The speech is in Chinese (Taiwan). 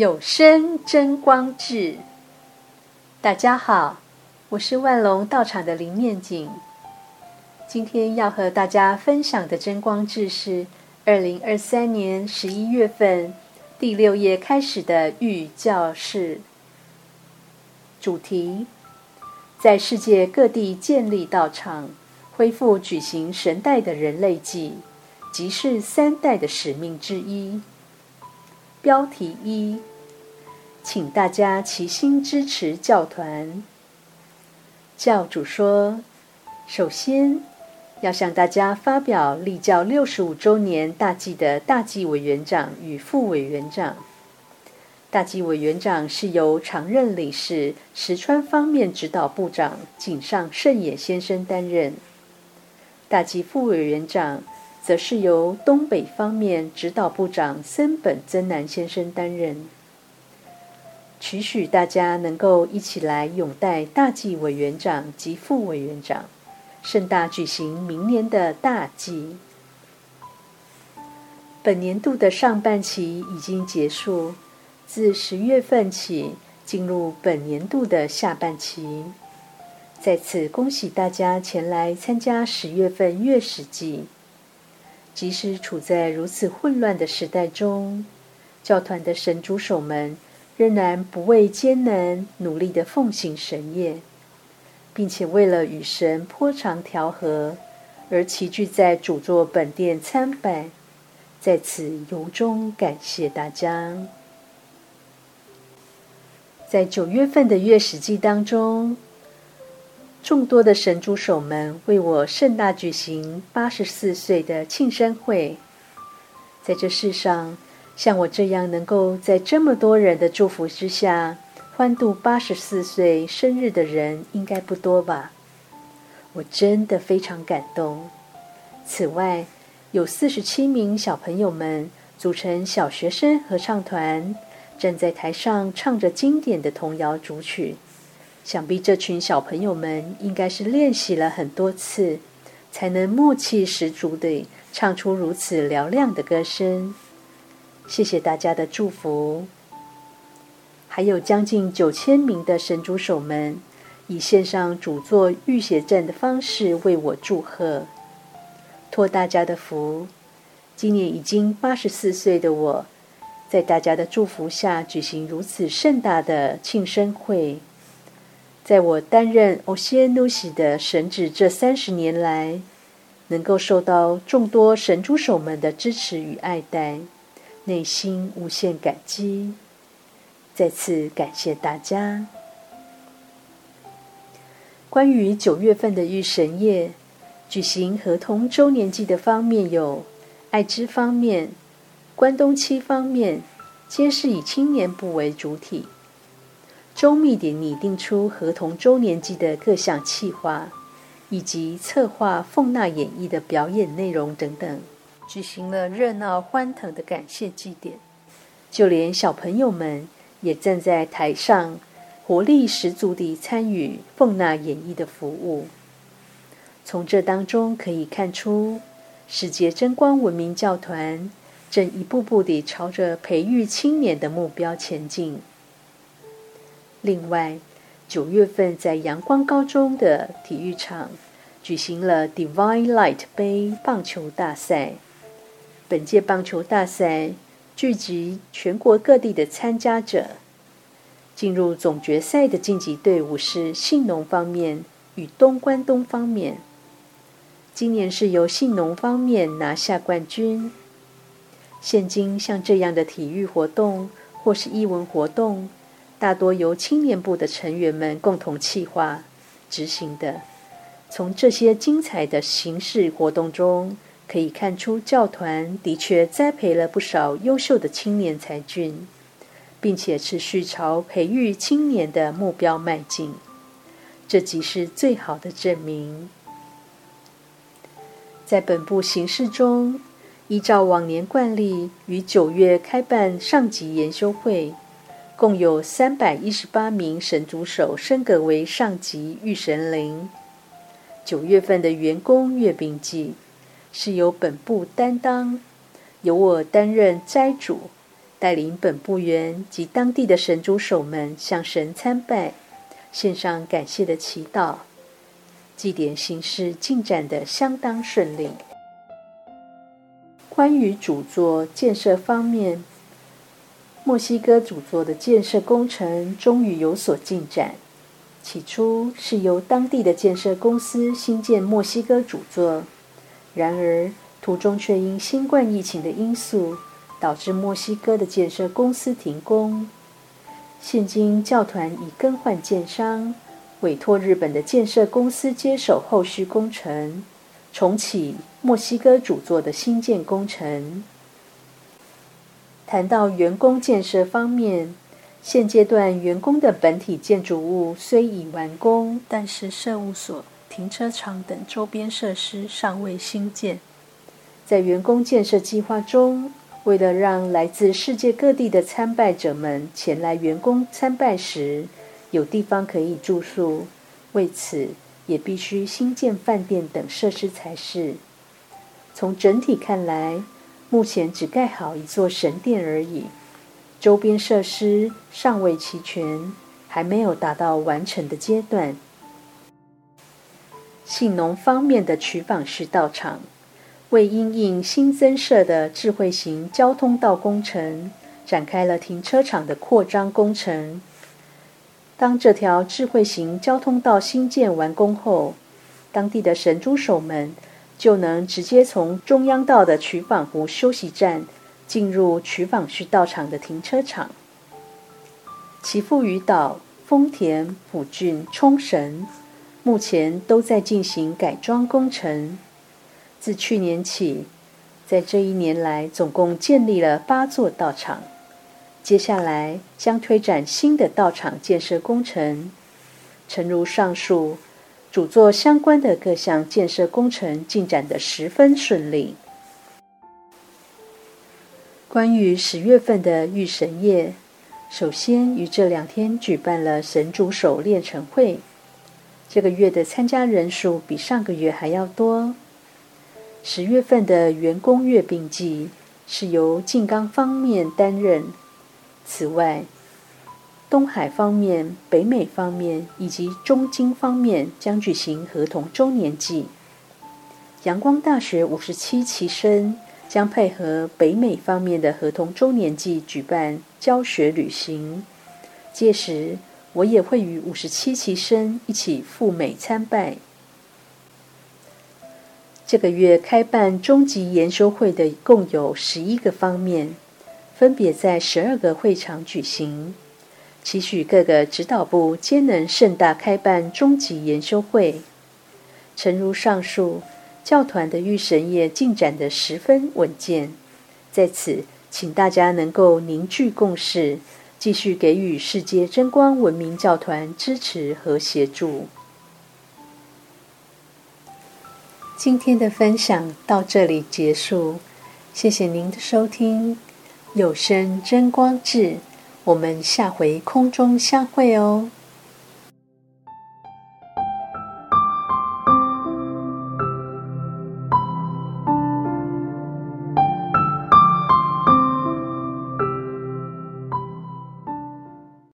有聲真光誌。大家好，我是萬隆道場的林念璟。今天要和大家分享的真光誌是二零二三年十一月份第六頁開始的御教示。主題：在世界各地建立道場，恢復舉行神代的人類祭，即是三代的使命之一。標題一。請大家齊心支持教團。教主說：“首先，要向大家發表立教六十五周年大祭的大祭委員長與副委員長。大祭委員長是由常任理事石川方面指導部長井上勝也先生擔任；大祭副委員長，則是由東北方面指導部長森本曾南先生擔任。”期許大家能夠一起來擁戴大祭委員長及副委員長，盛大舉行明年的大祭。本年度的上半期已經結束，自十月份起進入本年度的下半期。再次恭喜大家前來參加十月份月始祭。即使處在如此混亂的時代中，教團的神主手們，仍然不畏艱難，努力的奉行神業，並且為了與神波長調和，而齊聚在主座本殿參拜，在此由衷感謝大家。在九月份的月始祭當中，眾多的神組手們為我盛大舉行八十四歲的慶生會，在這世上。像我這樣能夠在這麼多人的祝福之下歡度八十四歲生日的人，應該不多吧？我真的非常感動。此外，有四十七名小朋友們組成小學生合唱團，站在台上唱着經典的童謠組曲。想必這群小朋友們應該是練習了很多次，才能默契十足地唱出如此嘹亮的歌聲。謝謝大家的祝福，還有將近九千名的神主手們，以線上主座浴血戰的方式為我祝賀。托大家的福，今年已經八十四歲的我，在大家的祝福下舉行如此盛大的慶生會。在我擔任歐西恩努西的神職這三十年來，能夠受到眾多神主手們的支持與愛戴，內心無限感激，再次感謝大家。關於九月份的御神業，舉行合同周年祭的方面有，有愛知方面、關東七方面，皆是以青年部為主體，周密地擬定出合同周年祭的各項計劃，以及策劃奉納演藝的表演內容等等。舉行了熱鬧歡騰的感謝祭典，就連小朋友們也站在台上，活力十足地參與奉納演藝的服務。從這當中可以看出，世界真光文明教團正一步步地朝着培育青年的目標前進。另外，九月份在陽光高中的體育場舉行了 Divine Light 杯棒球大賽。本屆棒球大賽聚集全國各地的參加者。進入總決賽的晉級隊伍是信濃方面與東關東方面。今年是由信濃方面拿下冠軍。現今像這樣的體育活動或是藝文活動，大多由青年部的成員們共同企劃執行的。從這些精彩的行事活動中，可以看出，教團的確栽培了不少優秀的青年才俊，並且持續朝培育青年的目標邁進。這即是最好的證明。在本部行事中，依照往年慣例，於九月開辦上級研修會，共有三百一十八名神組手升格為上級御神靈。九月份的員工月並祭。是由本部擔當，由我擔任齋主，帶領本部員及當地的神主手們向神參拜，獻上感謝的祈禱。祭典行事進展得相當順利。關於主座建設方面，墨西哥主座的建設工程終於有所進展。起初是由當地的建設公司新建墨西哥主座。然而，途中卻因新冠疫情的因素，導致墨西哥的建設公司停工。現今教團已更換建商，委托日本的建設公司接手後續工程，重啟墨西哥主座的新建工程。談到員工建設方面，現階段員工的本體建築物雖已完工，但是事務所。停車場等周邊設施尚未興建，在員工建設計劃中，為了讓來自世界各地的參拜者們前來員工參拜時有地方可以住宿，為此也必須興建飯店等設施才是。從整體看來，目前只蓋好一座神殿而已，周邊設施尚未齊全，還沒有達到完成的階段。信濃方面的諏訪市道場，為因應新增設的智慧型交通道工程，展開了停車場的擴張工程。當這條智慧型交通道新建完工後，當地的神組手們就能直接從中央道的諏訪湖休息站進入諏訪市道場的停車場。其富漁島、豐田、普郡、沖繩。目前都在進行改裝工程。自去年起，在這一年來，總共建立了八座道場。接下來將推展新的道場建設工程。誠如上述，主座相關的各項建設工程進展得十分順利。關於十月份的御神業，首先於這兩天舉辦了神主守練成會。這個月的參加人數比上個月還要多。十月份的員工月並祭是由靜岡方面擔任。此外，東海方面、北美方面以及中京方面將舉行合同週年祭。陽光大學五十七期生將配合北美方面的合同週年祭舉辦教學旅行，屆時，我也會與五十七期生一起赴美參拜。這個月開辦中級研修會的共有十一個方面，分別在十二個會場舉行。期許各個指導部皆能盛大開辦中級研修會。誠如上述，教團的御神業進展得十分穩健。在此，請大家能夠凝聚共識。繼續給予世界真光文明教團支持和協助。今天的分享到這裡結束，謝謝您的收聽。有聲真光誌，我們下回空中相會哦。